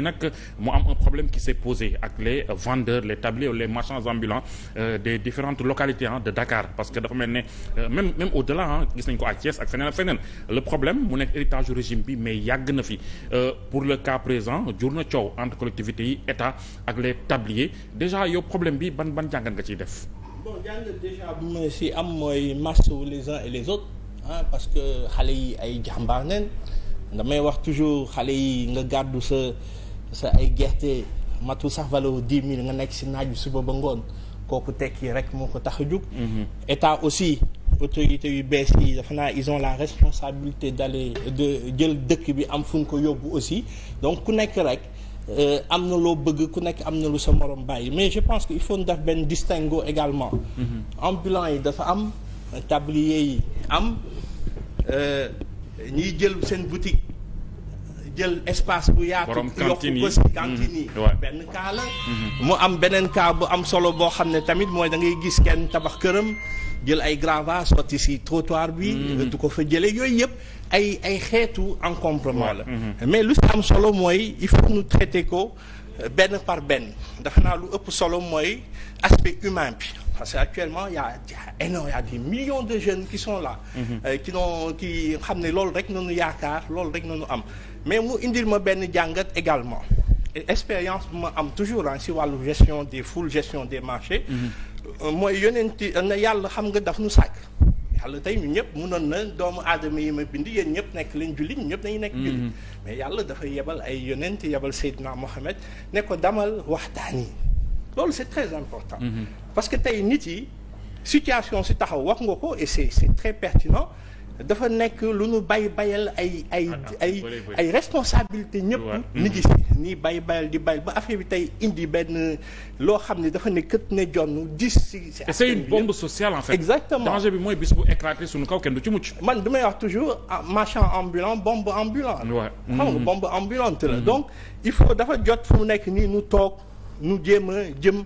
nag mu am problème qui s'est posé ak les vendeurs les tabliers les marchands ambulants euh, différentes localités de Dakar parce que dafa mel ne euh, même même au delà gis nañ ko à ak feneen ak feneen le problème mu nekk héritage régime bi mais yàgg na fi euh, pour le cas présent jur na coow entre collectivités yi état ak les tabliers déjà yow problème bi ban ban jàngat nga ciy def. ma si am mooy masse les uns et les autres parce que xale yi ay jàmbaar neen damay wax toujours xale yi nga gàddu sa. sa ay gerte matu sax valeur dix mille nga nekk si naaj bi suba ba ngoon kooku tekki rek moo ko tax a jug. Mhm. état aussi autorités yu bees yi dafa naa ils ont la responsabilité d'aller de jël dëkk bi am fu ko yóbbu aussi donc ku nekk rek. Euh, am na loo bëgg ku nekk am na lu sa morom bàyyi mais je pense que il faut ndax def benn distinguo également. Mhm. ambulant yi dafa am tablier yi am euh, ñiy jël seen boutique. jël espace bu yaatu. yokk ko si cantine mm-hmm. benn cas la. mu am beneen cas bu am solo boo xam ne tamit mooy da ngay gis kenn tabax këram jël ay gravats soti si trottoir bi. du mm-hmm. ko fa jëlee yooyu yëpp ay ay xeetu encombrement la. Mm-hmm. mais lu si am solo mooy il faut ñu traiter ko euh, benn par benn dafa naa lu ëpp solo mooy aspect humain bi. parce que actuellement il y a énorme il y de jeune qui sont là. Mhm. Euh, qui non qui xam ne loolu rek nañu yaakaar loolu rek noonu am mais mu indil ma benn jàngat également expérience bu ma am toujours ah si wàllu gestion des foules gestion des marché mhm. euh, mooy yonenti euh, na yàlla xam nga daf nu sàkk. yàlla tey ñu ñëpp mënoon na doomu aadama yi ma bind yéen ñëpp nekk leen juli ñëpp nañu nekk mhm. jullit mais yàlla dafa yebal ay yonent yebal Seydina Mohamed ne ko damal waxtaan yi loolu c'est très important. Mm-hmm. parce que tey nit yi situation si taxaw wax nga ko et c'est c'est très pertinent dafa nekk lu ñu bay bayal ay ay ah ay ay responsabilité ñëpp mm-hmm. ni gis nii bay bayal di bay ba affaire bi tey indi benn loo xam ne dafa nekk kët ne jonn dis si c'est une bombe sociale en exactement danger bi mooy bis bu éclaté suñu kaw kenn du ci mucc man damay wax toujours ah, marchand ambulant bombe ambulante xam nga mm-hmm. bombe ambulante la donc il faut dafa jot fu nekk nii nu toog nu jéem a jëm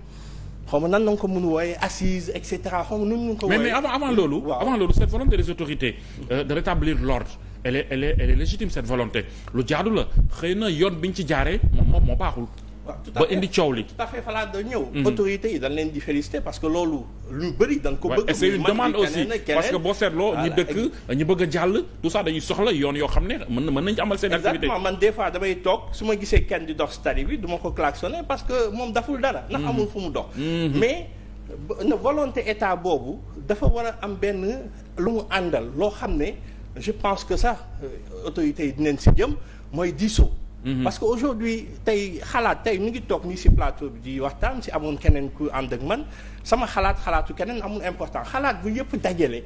xaw ma nan na nga ko mun wooyee assise et cetera xaw ma nu ko wooyee. mais mais avant avant loolu. waaw avant loolu cette volonté des autorités. Euh, de rétablir l'ordre elle est légitime cette volonté lu jaadu la xëy na yoon bi ñu ci jaaree moom moom moo baaxul. ba indi coow li tout à fait falaa da ñëw mm-hmm. autorités yi dañ leen di féliciter parce que loolu lu ñu bëri dañ ko bëgg et c'est une demande aussi parce que boo seetloo ñu dëkk ñi bëgg a jàll tout ça dañuy soxla yoon yoo xam ne mën mën nañ ci amal seen activité exactement man des fois damay toog su ma gisee kenn di dox stade bi du ma ko klaxonner parce que moom daful dara ndax mm-hmm. amul fu mu dox mm-hmm. mais na volonté état boobu dafa war a am benn lu mu àndal loo xam ne je pense que sax euh, autorités yi dinañ si jëm mooy diisoo Mhm. parce que aujourd'hui tey xalaat tey mi ngi toog nii si plateau bi di waxtaan si amoon keneen ku ànd ak man sama xalaat xalaatu keneen amul important xalaat bu yëpp dajale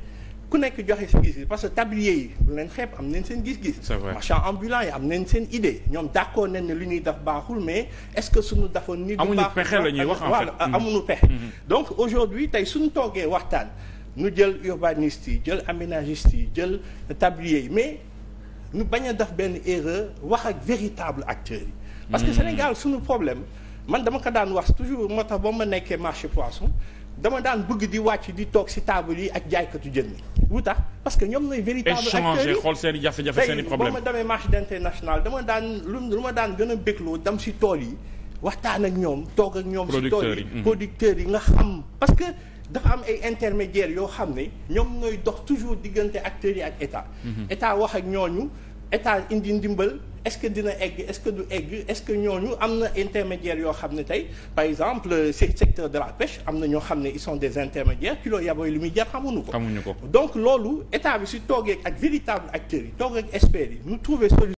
ku nekk joxe ci gis-gis parce que tablier yi bu leen xeeb am nañ seen gis-gis. c'est vrai marchand ambulant yi am nañ seen idée ñoom d'accord nañ ne lu ñuy def baaxul mais est-ce que suñu defoon ni du baax amuñu pexe la ñuy wax en fait amuñu mhm. pexe. Mhm. donc aujourd'hui tey suñu toogee waxtaan nu jël urbaniste yi jël aménagiste yi jël tablier yi mais. ñu bañ a def benn erreur wax ak véritable acteurs yi. parce que hmm. Sénégal suñu problème man dama ko daan wax toujours moo tax ba ma nekkee marché poisson dama daan bëgg di wàcc di toog si table yi ak jaaykatu jën yi. lu tax parce que ñoom ñooy. véritable acteurs yi xool seen i jafe-jafe seen i problème tey boo ma demee marché international dama daan lu ma daan gën a bégloo dem si tool yi waxtaan ak ñoom toog ak ñoom. si tool yi hmm. producteurs yi nga xam parce que. dafa am ay intermédiaires yoo xam ne ñoom ñooy dox toujours diggante acteurs yi ak état. Mhm. état wax ak ñooñu état indi ndimbal est-ce que dina egg est-ce que du egg est-ce que ñooñu am na intermédiaires yoo xam ne tey par exemple euh, secteur de la pêche am na ñoo xam ne ils sont des intermédiaires kilo yaboy li muy jar xamuñu ko. xamuñu ko donc loolu état bi si toogee ak véritable acteurs yi toog ak experts trouver solution.